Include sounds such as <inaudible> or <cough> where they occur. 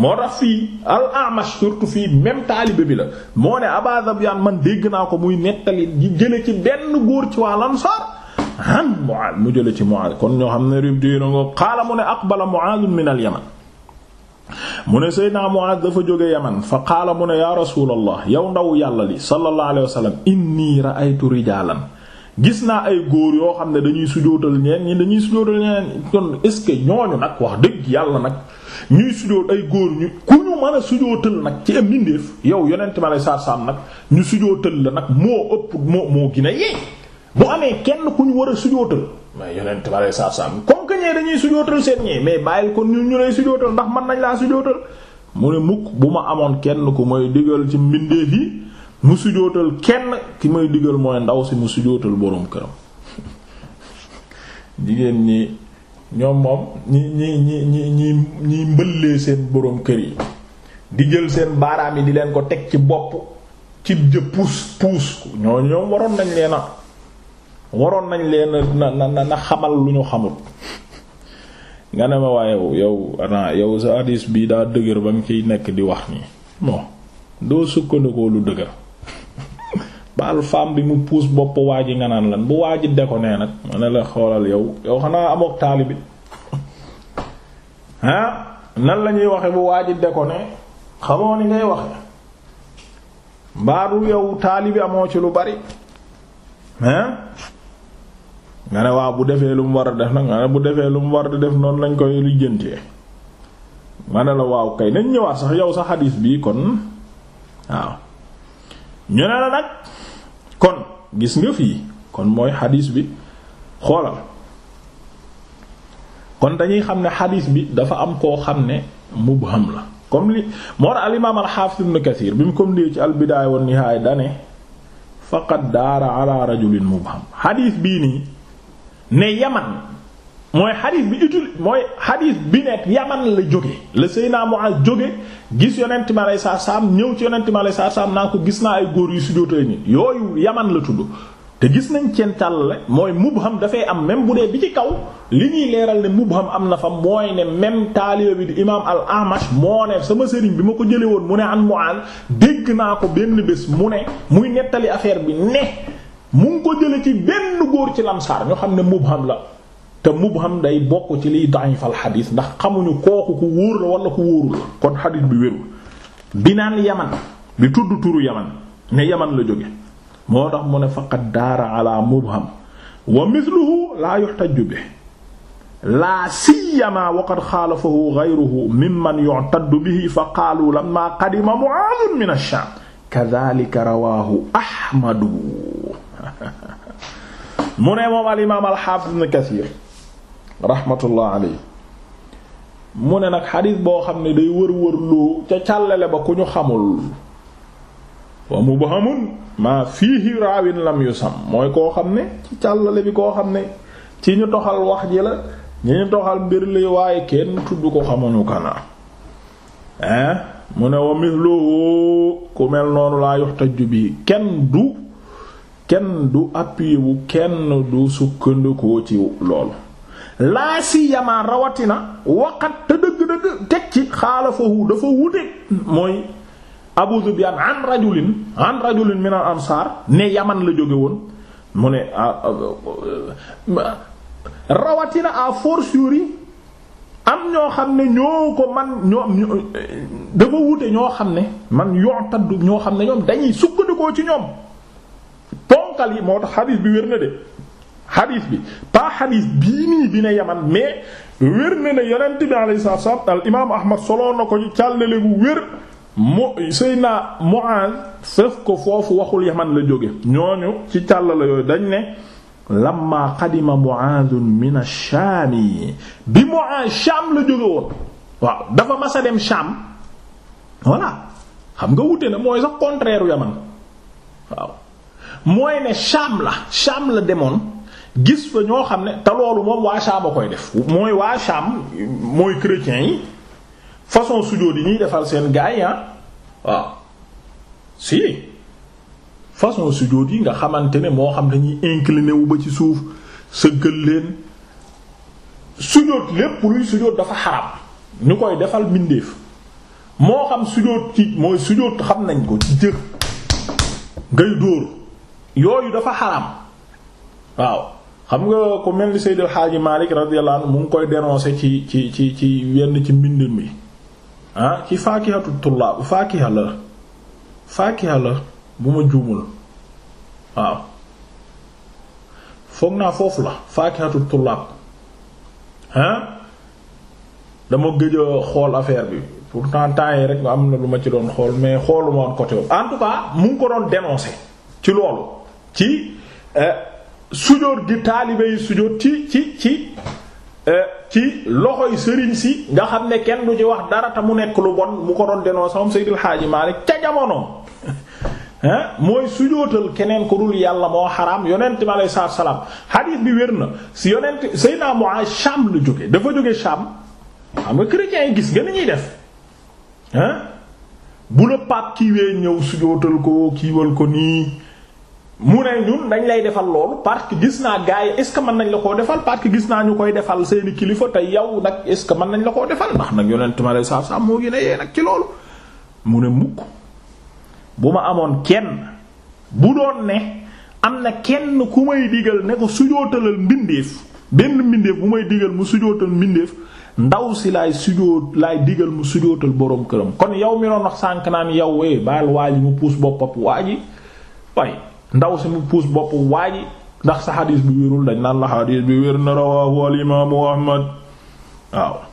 moo tax fii al amash fii même taalibe bi la moo ne Aba Zabyaan man dégg naa ko muy nettali di jële ci benn góor ci waa Ansaar an mu jële ci Muaaz kon ñoo xam ne rib diina ngo qaala mu ne aqbala Muaaz min al mu ne Seydina Muaaz dafa jóge yaman fa qaala mu ne ya rasulallah yow ndaw yàlla li sallallahu alayhi wa ra'aytu rijalan gis naa ay góor yoo xam ne dañuy sujootal ñeen ñi dañuy sujootal ñeen kon est ce que ñooñu nag wax dëgg yàlla nag ñuy sujoot ay góor ñu ku ñu mën a nag ci am mbindeef yow yonent ma lay saar nag ñu sujootal la nag moo ëpp moo moo gina yeey bu amee kenn ku ñu war a sujootal mais yonent ma lay saar-saam comme que ñee dañuy sujootal seen ñee mais bàyyil kon ñu ñu lay sujootal ndax man nañ laa sujootal mu ne mukk bu ma amoon kenn ku mooy digal ci mbindeef yi mu sujootal kenn ki may digal mooy ndaw si mu sujootal boroom këram jigéen ñi ñoom moom ñi ñi ñi ñi ñi ñi mbëllee seen boroom kër yi di jël seen baaraam yi di leen ko teg ci bopp ci jë puus puus ñoo ñoom waroon nañ leen a waroon nañ leen na na xamal lu ñu xamul nga ne ma waaye yow yow sa hadis bi daa dëgër ba nga ciy nekk di wax nii bon doo sukkandikoo lu dëgër baal femme bi mu puus bopp waa ji nga naan lan bu waa ji de nee nag ma ne la xoolal yow yow xanaa amook taalibi <laughs> ah nan la ñuy waxe bu waa ji de ko ne xamoo ni ngay waxe mbaadu yow taalibi amoo ci lu bari ah nga ne waa bu defee lu mu war a def nag nga ne bu defee lu mu war a def noonu lañ koy lijjantee ma ne la waaw kay nañ ñëwaat sax yow sa xadiis bi kon waaw ñu ne la nag kon gis nga fii kon mooy xadiis bi xoolal kon dañuy xam ne xadiis bi dafa am koo xam ne mubham la comme li moo tax al imaam al xaafis Kasiir bi mu comme lii ci al bidaaya wan nihaaya dane faqad daara ala rajulin mubham xadiis bii nii ne yaman mooy xadis bi utile mooy xadis bi nekk yaman la jóge la mu Muaz jóge gis yonent ma aleyhi salaatu saam ñëw ci yonent ma aleyhi salaatu saam naa ko gis naa ay góor yu sujjóotee ni yooyu yaman la tudd te gis nañ ceen càllale mooy mubham dafay am même bu dee bi ci kaw li ñuy leeral ne mubham am na fa mooy ne même taaliba bi di imaam al amash moo ne sama sëriñ bi ma ko jële woon mu ne an Muaz dégg naa ko benn bés mu ne muy nettali affaire bi ne mu ngi ko jële benn góor ci lamsaar ñoo xam ne mubham la te mubham day bokk ci liy da'ifal xadiis ndax xamuñu kooku ku wóor la wala ku wóorul la kon xadiis bi wérul bi naan yaman bi tudd turu yaman ne yaman la jóge moo tax mu ne faqad daara ala mubham wa mithluhu laa yuhtaju bi laa siyama wa qad xaalafahu ghayruhu min ash-Shaam kadhalika al imaam al Kasiir rahmatullah alayhi mu ne nag xadis boo xam ne day wër-wër loo ca càllale ba ku ñu xamul wa mubhamun maa fiihi raawin lam yusam mooy koo xam ne ci càllale bi koo xam ne ci ñu toxal wax ji la ñu toxal mbir li waaye kenn tudd ko xamuñu kana hein mu ne wa mithluhu ku mel noonu laa yuhtaju bi kenn du kenn du appuyé wu kenn du sukkandikoo ci lool laa si yamaa rawatina waqat te dëgg-dëgg teg ci xaala xaalafahu dafa wute mooy Abu Zubyan an rajulin an rajulin min al ansar ne yaman la jóge woon mu ne ah, ah, ah, rawatina à fortiori am ñoo xam ne ñoo ko man ñoo dafa wute ñoo xam ne man yoo taddu ñoo xam ne ñoom dañuy sukkandikoo ci ñoom ponkal yi moo tax xadiis bi wér na de xadiis bi pas xadiis bii nii bi ne yaman mais wér na ne yonent bi alayhi salaatu wassalaam al imaamu ahmad soloon na ko ci càllale bu wér mu Seyna Muaz fef ko foofu waxul yaman la jóge ñooñu ci càllale yooyu dañ ne lamma qadima Muazun min ash-Shaami bi Muaz Shaam la jóge woon waaw dafa masa dem Shaam voilà xam nga wute na mooy sax contraire yaman waaw mooy ne Shaam la Shaam la demoon gis fa ñoo xam ne te loolu moom waa a koy def mooy waa Sham mooy chrétiens yi façon sujjóot yi ñuy defal seen gaay ah waaw si façon sujjóot yi nga xamante ne moo xam dañuy incliné wu ba ci suuf sëggal leen sujjóot lépp luy sujjóot dafa xaram ñu koy defal mbindeef moo xam sujjóot ci mooy sujjóot xam nañ ko ci jër ngay dóor yooyu dafa xaram waaw xam nga ko mel ni Seydil Hadji Malick radiyallahu anhu mu ngi koy dénoncer ci ci ci ci wenn ci mbind mi ah ci faakihatu tullaab faakiha la faakiha la bu ma juumul waaw foog naa foofu la faakihatu tullaab ah dama gëj xool affaire bi pourtant temps yi rek am na lu ma ci doon xool mais xooluma woon côté en mu ngi ko doon dénoncer ci loolu ci. Eh, sujóot gi taalibe yi sujóot ci ci ci euh, loxo yi sëriñ si nga xam ne kenn du ci wax dara te mu nekk lu bon mu ko doon denoo sama Seydil Hadji Malick ca jamonoom <laughs> mooy sujootal keneen ku dul yàlla moo xaraam yonent bi aleyhi salaatu bi wér na si yonent Seydina Muaaz Sham la jóge dafa jóge Sham xam nga chrétiens yi gis nga ni ñuy def bu la pape kiiwee ñëw sujootal ko kiiwal ko nii mu ne ñun dañ lay defal loolu parce que gis naa gars yi est-ce que mën nañ la koo defal parce que gis naa ñu koy defal seeni kilifa te yow nag est-ce que mën nañ la koo defal ndax nag yonent ma lay saaf saaf a yee nag ci loolu mu ne ma amoon kenn bu doon ne am na kenn ku may digal ne ko sujootalal mbindeef benn mbindeef bu may digal mu sujootal mbindeef ndaw si laay laay digal mu sujootal boroom këram kon yow mi doon wax sànq naan yow eh baal waa ji mu puus boppam waa ji waaye ndaw si mu puus bopp waaye ndax sa xadiis bi wérul dañ naan la xadiis bi wér na rawahu al imaamu ahmad waaw